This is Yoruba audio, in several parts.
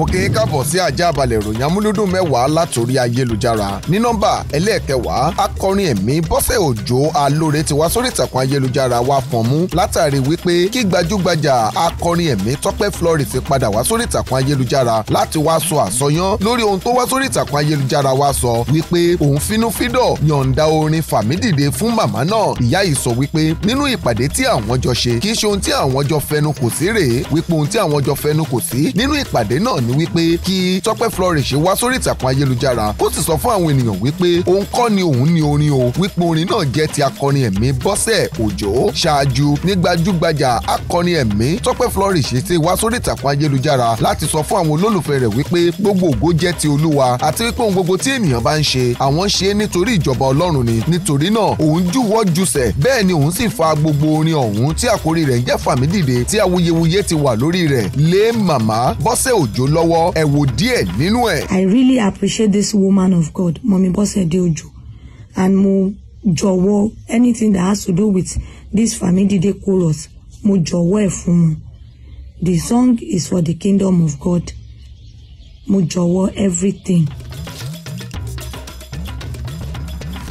mo kì í káàbọ̀ sí ajá balẹ̀ ìròyìn amúlúdùn mẹ́wàá látòrí ayélujára ní nọ́mbà ẹlẹ́ẹ̀kẹwàá akọrin ẹ̀mí bọ́sẹ̀ òjò alóore ti wá sórí ìtàkùn ayélujára wa fọ̀n mú látàrí wípé kí gbajúgbajà akọrin ẹ̀mí tọ́pẹ́ florence padà wá sórí ìtàkùn ayélujára láti wá sọ àsọyán lórí ohun tó wá sórí ìtàkùn ayélujára wa sọ wípé òun finúfídọ̀ yọ̀ǹda orin fàmídìde fún màmá náà ìyá yìí sọ wípé nínú ìpàdé tí àwọn jọ ṣe kì í ṣe ohun tí àwọn jọ fẹnu kò sí rèé wípé ohun tí àwọn jọ fẹnu kò sí nínú ìpàdé náà n ní wípé kí Tọ́pẹ́ Flourish wá sórí ìtàkùn ayélujára kó sì sọ fún àwọn ènìyàn wípé òun kọ́ ni òun ní orin o wípé orin náà jẹ́ ti akọrin ẹ̀mí Bọ́sẹ̀ Òjó ṣáájú ní gbajúgbajà akọrin ẹ̀mí Tọ́pẹ́ Flourish ti wá sórí ìtàkùn ayélujára láti sọ fún àwọn olólùfẹ́ rẹ̀ wípé gbogbo ògo jẹ́ ti Olúwa àti wípé ohun gbogbo tí ènìyàn bá ń ṣe àwọn ṣe é nítorí ìjọba Ọlọ́run ni nítorí náà òun júwọ́ jùsẹ̀ bẹ́ẹ̀ ni òun sì fa gbogbo orin ọ̀hún tí àkórí rẹ̀ ń jẹ́ fàmídìde tí awuyewuye ti wà lórí rẹ̀ lé màmá Bọ́sẹ̀ Òjó lọ lọ́wọ́ ẹ wò díẹ̀ nínú ẹ̀. I really appreciate this woman of God Mọ̀mí Bọ́sẹ̀dé Òjó and mo jọ̀wọ́ anything that has to do with this Famidide chorus mo jọ̀wọ́ ẹ̀ fún wọn the song is for the kingdom of God mo jọ̀wọ́ everything.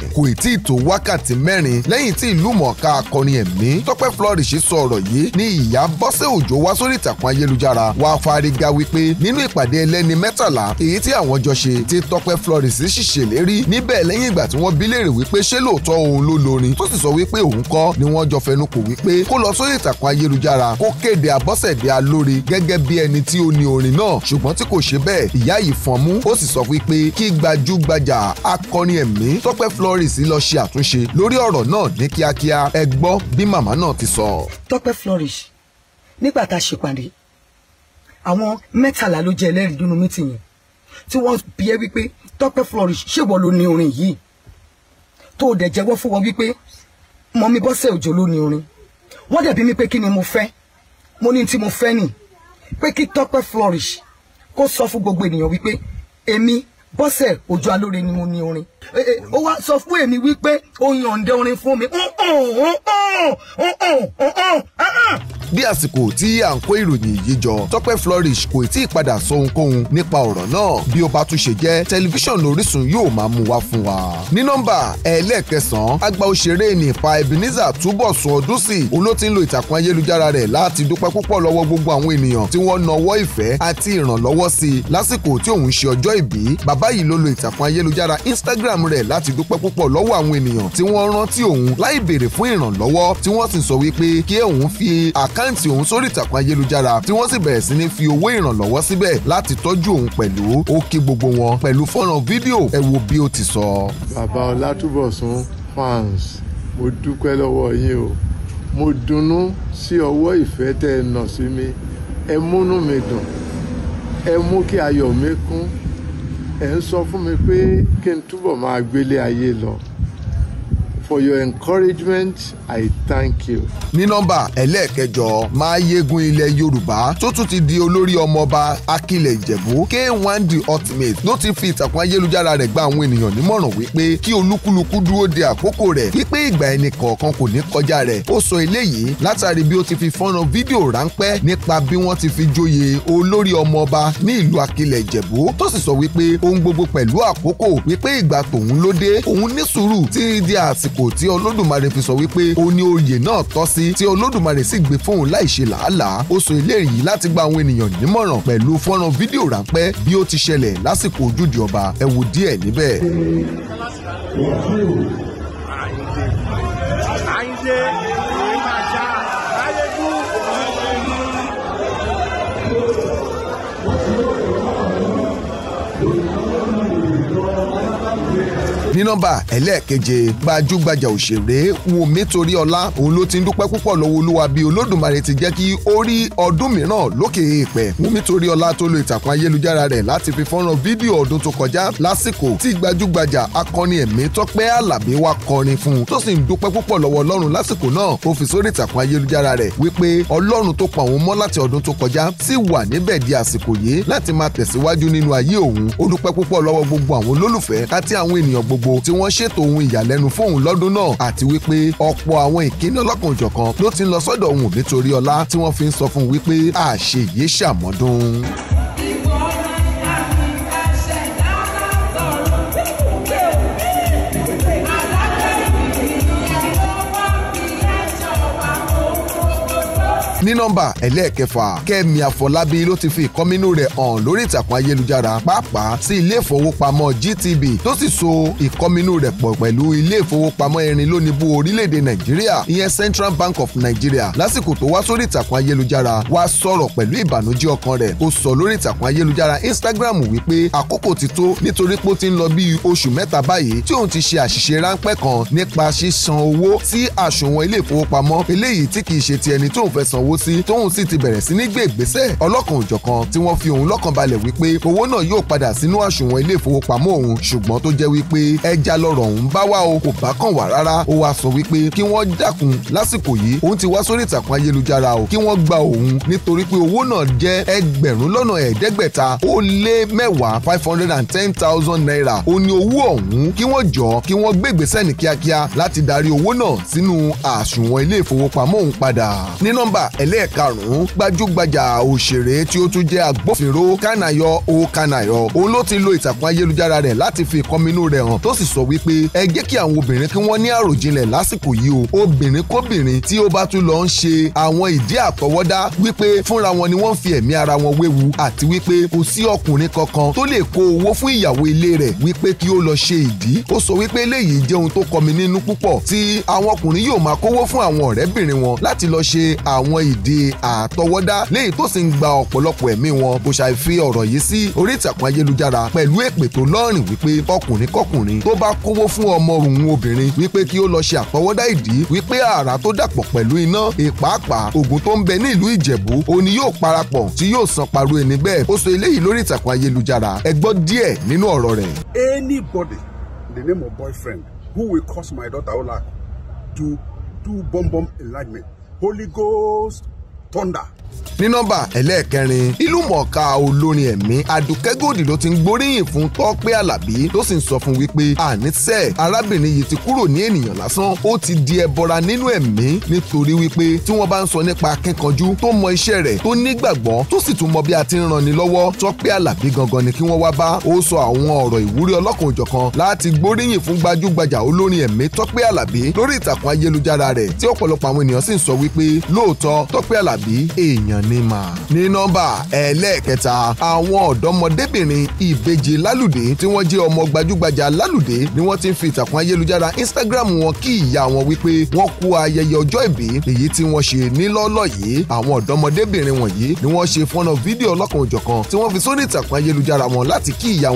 ìbàdàn kò ì tí ì tó wákàtí mẹ́rin lẹ́yìn tí ìlú mọ̀ọ́ká akọrin ẹ̀mí tọ́pẹ́ flourish sọ ọ̀rọ̀ yìí ni ìyá bọ́sẹ̀ òjò wá sórí ìtàkùn ayélujára wá fárígá wípé nínú ìpàdé ẹlẹ́ni mẹ́tàlá èyí tí àwọn jọ ṣe tí tọ́pẹ́ flourish sì ṣèlérí níbẹ̀ lẹ́yìn ìgbà tí wọ́n bí léèrè wípé ṣé lóòótọ́ òun ló lórin tó sì sọ wípé òun kọ́ ni wọ́n jọ fẹnu kò wípé kó lọ sórí ìtàkùn ayélujára kó kéde àbọ́sẹ̀dé alóore gẹ́gẹ́ bí ẹni tí ó ní orin náà ṣùgbọ́n tí kò ṣe bẹ́ẹ̀ ìyá yìí fọ́n ó sì sọ Florence lọ ṣe àtúnṣe lórí ọ̀rọ̀ náà ní kíákíá ẹ gbọ́ bí màmá náà ti sọ. Tọ́pẹ́ Florence nígbà tá a ṣèpàdé àwọn mẹ́tàlá ló jẹ́ ẹlẹ́rìí dúnú mítì yẹn tí wọ́n bi ẹ́ wípé Tọ́pẹ́ Florence ṣèwọ ló ní orin yìí tó o dẹ̀ jẹ́wọ́ fún wọn wípé mọ̀mí Bọ́sẹ̀ Òjó ló ní orin wọ́n dẹ̀ bi pé kí ni mo fẹ́ mo ní tí mo fẹ́ nì pé kí Tọ́pẹ́ Florence kó sọ fún gbogbo ènìyàn wípé èmi bọ́sẹ̀ òjò alóore ni mo ní orin eh, eh, ó wá sọ fún èmi wípé ó yànde orin fún mi bí àsìkò tí à ń kó ìròyìn yìí jọ Tọ́pẹ́ Flourish kò tí ì padà sọ ohunkóhun nípa ọ̀rọ̀ náà bí ó bá tún ṣe jẹ́ tẹlifíṣàn Orísun yóò máa mú wá fún wa. ní nọ́mbà ẹlẹ́ẹ̀kẹsàn-án àgbà òṣèré nípa Ebenezer Túbọ̀sún Ọdúnsì òun ló ti ń lo ìtàkùn ayélujára rẹ̀ láti dúpẹ́ púpọ̀ lọ́wọ́ gbogbo àwọn ènìyàn tí wọ́n nawọ́ ìfẹ́ àti ìrànlọ́wọ́ sí i lásìkò tí òun ṣe ọjọ́ ìbí bàbá yìí ló lo ìtàkùn ayélujára Instagram rẹ̀ láti dúpẹ́ púpọ̀ lọ́wọ́ àwọn ènìyàn tí wọ́n rántí òun láì béèrè fún ìrànlọ́wọ́ tí wọ́n sì sọ wípé kí òun fi àk àkáǹtì òun sórí ìtàkùn ayélujára tí wọ́n sì bẹ̀rẹ̀ sí ní fi owó ìrànlọ́wọ́ síbẹ̀ láti tọ́jú òun pẹ̀lú ó kí gbogbo wọn pẹ̀lú fọ́nrán fídíò ẹ wo bí ó ti sọ. bàbá ọlátúbọ̀sún fans mo dúpẹ́ lọ́wọ́ yín o mo dunnú sí ọwọ́ ìfẹ́ tẹ́ ẹ nà sí mi ẹ múnú mi dùn ẹ mú kí ayọ̀ mi kún ẹ ń sọ fún mi pé kí n túbọ̀ máa gbélé ayé lọ for your encouragement I thank you. ní nọ́mbà ẹlẹ́ẹ̀kẹjọ Máyégún ilẹ̀ Yorùbá tó tún ti di olórí ọmọọba Akilẹ̀ Ìjẹ̀bú K1 the ultimate ló ti fi ìtàkùn ayélujára rẹ̀ gba àwọn ènìyàn nímọ̀ràn wípé kí olúkúlùkù dúró de àkókò rẹ̀ wípé ìgbà ẹnì kọ̀ọ̀kan kò ní kọjá rẹ̀ ó sọ eléyìí látàrí bí ó ti fi fọ́nrán fídíò ráńpẹ́ nípa bí wọ́n ti fi joyè olórí ọmọọba ní ìlú Akilẹ̀ Ìjẹ̀bú tó sì sọ wípé ohun gbogbo pẹ̀lú àkókò wípé ìgbà tòun ló dé òun ní sùúrù tí di àsìkò ipò tí olódùmarè fi sọ wípé ó ní oyè náà tọ́ sí tí olódùmarè sì gbé fóun láì ṣe làálàá ó sọ eléyìí láti gba àwọn ènìyàn nímọ̀ràn pẹ̀lú fọ́nrán fídíò ráńpẹ́ bí ó ti ṣẹlẹ̀ lásìkò ojúde ọba ẹ díẹ̀ níbẹ̀. ní nọ́mbà ẹlẹ́ẹ̀keje gbajúgbajà òṣèré Wùmí Toríọlá òun ló ti ń dúpẹ́ púpọ̀ lọ́wọ́ olúwa bí olódùmarè ti jẹ́ kí ó rí ọdún mìíràn lókè èèpẹ̀ Wùmí Toríọlá tó lo ìtàkùn ayélujára rẹ̀ láti fi fọ́nrán fídíò ọdún tó kọjá lásìkò tí gbajúgbajà akọni ẹ̀mí Tọ́pẹ́ Àlàbí wá kọrin fún un tó sì ń dúpẹ́ púpọ̀ lọ́wọ́ ọlọ́run lásìkò náà ó fi sórí ìtàkùn ayélujára rẹ̀ wípé ọlọ́run tó pa òun mọ́ láti ọdún tó kọjá sì wà níbẹ̀ di àsìkò gbogbo tí wọ́n ṣètò ohun ìyàlẹ́nu fóun lọ́dún náà àti wípé ọ̀pọ̀ àwọn ìkíni ọlọ́kanòjọ̀kan ló ti ń lọ sọ́dọ̀ òun nítorí ọlá tí wọ́n fi ń sọ fún un wípé àṣeyé ṣàmọ́dún. ní nọ́mbà ẹlẹ́ẹ̀kẹfà kẹ́mi àfọlábí ló ti fi ìkọ́mínú rẹ̀ hàn lórí ìtàkùn ayélujára pàápàá sí ilé ìfowópamọ́ GTB tó sì so ìkọ́mínú rẹ̀ pọ̀ pẹ̀lú ilé ìfowópamọ́ ẹ̀rìnlónìbó orílẹ̀-èdè nàìjíríà ìyẹn Central Bank of Nigeria lásìkò tó wá sórí ìtàkùn ayélujára wá sọ̀rọ̀ pẹ̀lú ìbànújẹ́ ọkàn rẹ̀ ó sọ lórí ìtàkùn ayélujára Instagram wípé àkókò ti tó nítorí pé ó ti ń lọ bí oṣù mẹ́ta báyìí tí òun ti ṣe àṣìṣe ráńpẹ́ kan nípa sísan owó sí àsùnwọ̀n ilé ìfowópamọ́ eléyìí tí kì í ṣe ti ẹni tóun fẹ́ sanwó sí tóun sì ti bẹ̀rẹ̀ sí ní gbé ìgbésẹ̀ ọlọ́kan òjọ̀kan tí wọ́n fi òun lọ́kàn balẹ̀ wípé owó náà yóò padà sínú àsùnwọ̀n ilé ìfowópamọ́ òun ṣùgbọ́n tó jẹ́ wípé ẹja lọ́rọ̀ òun bá wá o kò bá kàn wá rárá ó wá sọ wípé kí wọ́n dákun lásìkò yìí òun ti wá sórí ìtàkùn ayélujára o kí wọ́n gba òun nítorí pé owó náà jẹ́ ẹgbẹ̀rún lọ́nà ẹ̀ẹ́dẹ́gbẹ̀ta ó lé mẹ́wàá five hundred and ten thousand naira ó ní owó ọ̀hún kí wọ́n jọ kí wọ́n gbé ìgbésẹ̀ ní kíákíá láti darí owó náà sínú àsùnwọ̀n ilé ìfowópamọ́ òun padà ní nọ́mbà ẹlẹ́ẹ̀karùn-ún gbajúgbajà òṣèré tí ó tún jẹ́ agbófinró kànáyọ o kànáyọ òun ló ti lo ìtàkùn ayélujára rẹ̀ láti fi ìkọminú rẹ̀ hàn tó sì sọ wípé ẹ jẹ́ kí àwọn obìnrin kí wọ́n ní àròjinlẹ̀ lásìkò yìí o obìnrin kóbìnrin tí ó bá tún lọ ń ṣe àwọn ìdí àtọwọ́dá wípé fúnra wọn ni wọ́n fi ẹ̀mí ara wọn wéwu àti wípé kò sí ọkùnrin kankan tó lè kó owó fún ìyàwó ilé rẹ̀ wípé kí ó lọ ṣe ìdí ó sọ wípé eléyìí jẹ́ ohun tó kọmi nínú púpọ̀ tí àwọn ọkùnrin yóò máa kówó fún àwọn ọ̀rẹ́bìnrin wọn láti lọ ṣe àwọn ì ìdí àtọwọ́dá léyìí tó sì ń gba ọ̀pọ̀lọpọ̀ ẹ̀mí wọn bó ṣe fi ọ̀rọ̀ yìí sí orí ìtàkùn ayélujára pẹ̀lú èpè tó lọ́rìn wípé ọkùnrin kọkùnrin tó bá kówó fún ọmọ òun obìnrin wípé kí ó lọ ṣe àtọwọ́dá ìdí wípé àrà tó dàpọ̀ pẹ̀lú iná ìpàápàá ògùn tó ń bẹ ní ìlú ìjẹ̀bú òun yóò parapọ̀ tí yóò san paru ẹni bẹ́ẹ̀ ó anybody the name of boyfriend who will cause my daughter olaku to do bomb bomb enlargement Holy Ghost thunder ní nọ́mbà ẹlẹ́ẹ̀kẹrin ìlúmọ̀ọ́ká olórin ẹ̀mí Àdùkẹ́ Gold ló ti ń gboríyìn fún Tọ́pẹ́ Àlàbí tó sì ń sọ fún wípé àníṣe arábìnrin yìí ti kúrò ní ènìyàn lásán ó ti di ẹbọra nínú ẹ̀mí nítorí wípé tí wọ́n bá ń sọ nípa akínkanjú tó mọ iṣẹ́ rẹ̀ tó nígbàgbọ́ tó sì tún mọ bí a ti ń ranni lọ́wọ́ Tọ́pẹ́ Àlàbí gangan ni kí wọ́n wá bá ó sọ àwọn ọ̀rọ̀ ìwúrí ọlọ́kan-ò-jọ̀kan láti gbóríyìn fún gbajúgbajà olórin ẹ̀mí Tọ́pẹ́ Àlàbí lórí ìtàkùn ayélujára rẹ̀ tí ọ̀pọ̀lọpọ̀ àwọn ènìyàn sì ń sọ wípé lóòótọ́ Tọ́pẹ́ Àlàbí èèyàn ní mà. ní nọ́mbà ẹlẹ́ẹ̀kẹta àwọn ọ̀dọ́mọdébìnrin ìbejì lálùdé tí wọ́n jẹ́ ọmọ gbajúgbajà lálùdé ni wọ́n ti ń fi ìtàkùn ayélujára Instagram wọn kí ìyá wọn wípé wọ́n kú ayẹyẹ ọjọ́ ìbí èyí tí wọ́n ṣe nílọ́lọ́ yìí àwọn ọ̀dọ́mọdébìnrin wọ̀nyí ni wọ́n ṣe fọ́nà fídíò ọlọ́kan òjọ̀kan tí wọ́n fi sórí ìtàkùn ayélujára wọn láti kí ìyá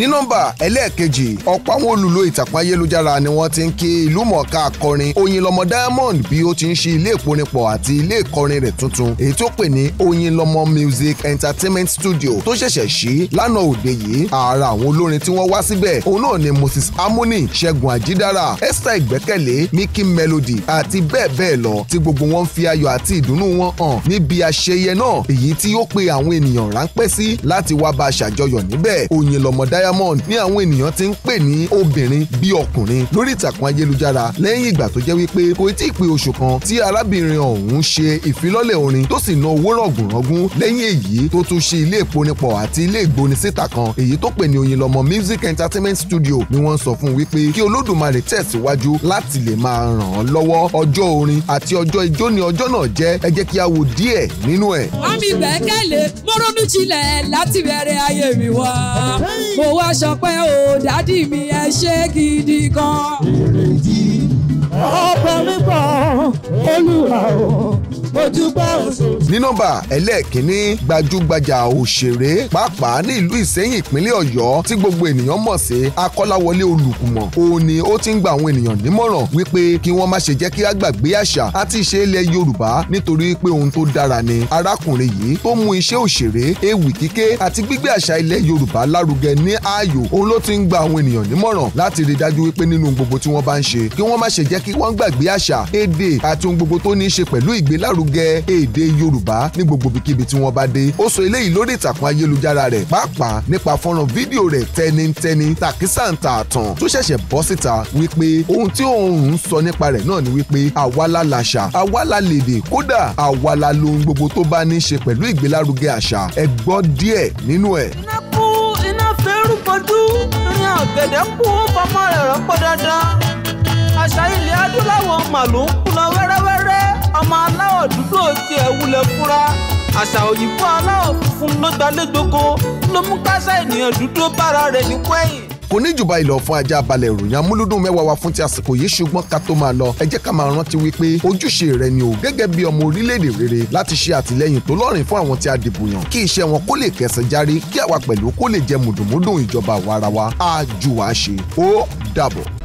ní nọ́mbà ẹlẹ́ẹ̀kejì ọ̀pọ̀ àwọn olùlò ìtàkùn ayélujára ni wọ́n ti ń kí ìlú mọ̀ọ́ká akọrin Oyinlọmọ Diamond bí ó ti ń ṣe ilé ìpòrinpọ̀ àti ilé ìkọrin rẹ̀ tuntun èyí tó pè ní Oyinlọmọ Music Entertainment Studio tó ṣẹ̀ṣẹ̀ ṣí lánàá òde yìí ara àwọn olórin tí wọ́n wá síbẹ̀ òun náà ni Moses Harmony Ṣẹ́gun Àjídára Esther Ìgbẹ́kẹ̀lé Mickey Melody àti bẹ́ẹ̀ bẹ́ẹ̀ lọ tí gbogbo wọn ń fi ayọ̀ àti ìdùnnú wọn hàn níbi àṣeyẹ náà èyí tí ó pe àwọn ènìyàn ráńpẹ́ sí láti wá bá a ṣàjọyọ̀ níbẹ̀ Oyinlọmọ Diamond Diamond ni àwọn ènìyàn ti ń pè ní obìnrin bí ọkùnrin lórí ìtàkùn ayélujára lẹ́yìn ìgbà tó jẹ́ wípé kò tí ì pé oṣù kan tí arábìnrin ọ̀hún ṣe ìfilọ́lẹ̀ orin tó sì ná owó rọ̀gùnrọ̀gùn lẹ́yìn èyí tó tún ṣe ilé ìponipọ̀ àti ilé ìgbóni síta kan èyí tó pè ní Oyinlọmọ Music Entertainment Studio ni wọ́n sọ fún wípé kí Olódùmarè tẹ̀síwájú láti lè máa ràn án lọ́wọ́ ọjọ́ orin àti ọjọ́ ijó ni ọjọ́ náà jẹ́ ẹ jẹ́ kí a wo díẹ̀ nínú ẹ̀. àmì bẹ́ẹ̀ kẹ́lẹ̀ mo ronú jinlẹ̀ láti bẹ̀rẹ̀ ayé mi wá mo mo wá ṣọpẹ́ o dádì mi ẹ ṣe gidi gan. ìrètí ọ̀pọ̀ mi pọ̀ olúwa o ojúbọ òsò. ní nọ́mbà ẹlẹ́ẹ̀kínní gbajúgbajà òṣèré pàápàá ní ìlú ìsẹ́yìn ìpínlẹ̀ ọ̀yọ́ tí gbogbo ènìyàn mọ̀ sí akọ́láwọlé olùkùmọ̀ òun ni ó ti ń gba àwọn ènìyàn nímọ̀ràn wípé kí wọ́n má ṣe jẹ́ kí á àṣà àti ìṣe ilẹ̀ yorùbá nítorí pé ohun tó dára ni arákùnrin yìí tó mú iṣẹ́ òṣèré ewì kíké àti gbígbé àṣà ilẹ̀ yorùbá lárugẹ ní ààyò òun ló ti ń gba àwọn ènìyàn nímọ̀ràn láti rí dájú wípé nínú gbogbo tí wọ́n bá ń ṣe kí wọ́n má ṣe jẹ́ kí wọ́n gbàgbé àṣà èdè àti ohun gbogbo tó ní í ṣe pẹ̀lú lárugẹ èdè yorùbá ní gbogbo ibikíbi tí wọ́n bá dé ó sọ eléyìí lórí ìtàkùn ayélujára rẹ̀ pàápàá nípa fọ́nrán fídíò rẹ̀ tẹnitẹni tàkísàǹtà àtàn tó ṣẹ̀ṣẹ̀ bọ́ síta wípé ohun tí òun ń sọ nípa rẹ̀ náà ni wípé àwa la làṣà àwa la lèdè kódà àwa la lohun gbogbo tó bá ní ṣe pẹ̀lú ìgbélárugẹ àṣà ẹ gbọ́ díẹ̀ nínú ẹ̀. iná iná fẹ́rù ọmọ aláwọ̀ dúdú òtí ẹ̀ wulẹ̀ fúnra àṣà òyìnbó aláwọ̀ funfun ló gbalẹ́gbogbo ló mú káṣá ènìyàn dúdú bára rẹ̀ ní kwẹ́yìn kò ní jùbà ìlọ fún ajá balẹ̀ ìròyìn amúlúdùn mẹ́wàá wa fún ti àsìkò yìí ṣùgbọ́n ká tó máa lọ ẹ jẹ́ ká máa rántí wípé ojúṣe rẹ ni o gẹ́gẹ́ bí ọmọ orílẹ̀-èdè rere láti ṣe àtìlẹ́yìn tó lọ́rìn fún àwọn tí a dìbò yàn kí iṣẹ́ wọn kó lè kẹsẹ̀ járí kí àwa pẹ̀lú kó lè jẹ mùdùnmúdùn ìjọba àwa ara wa á jù wá ṣe ó dàbọ̀.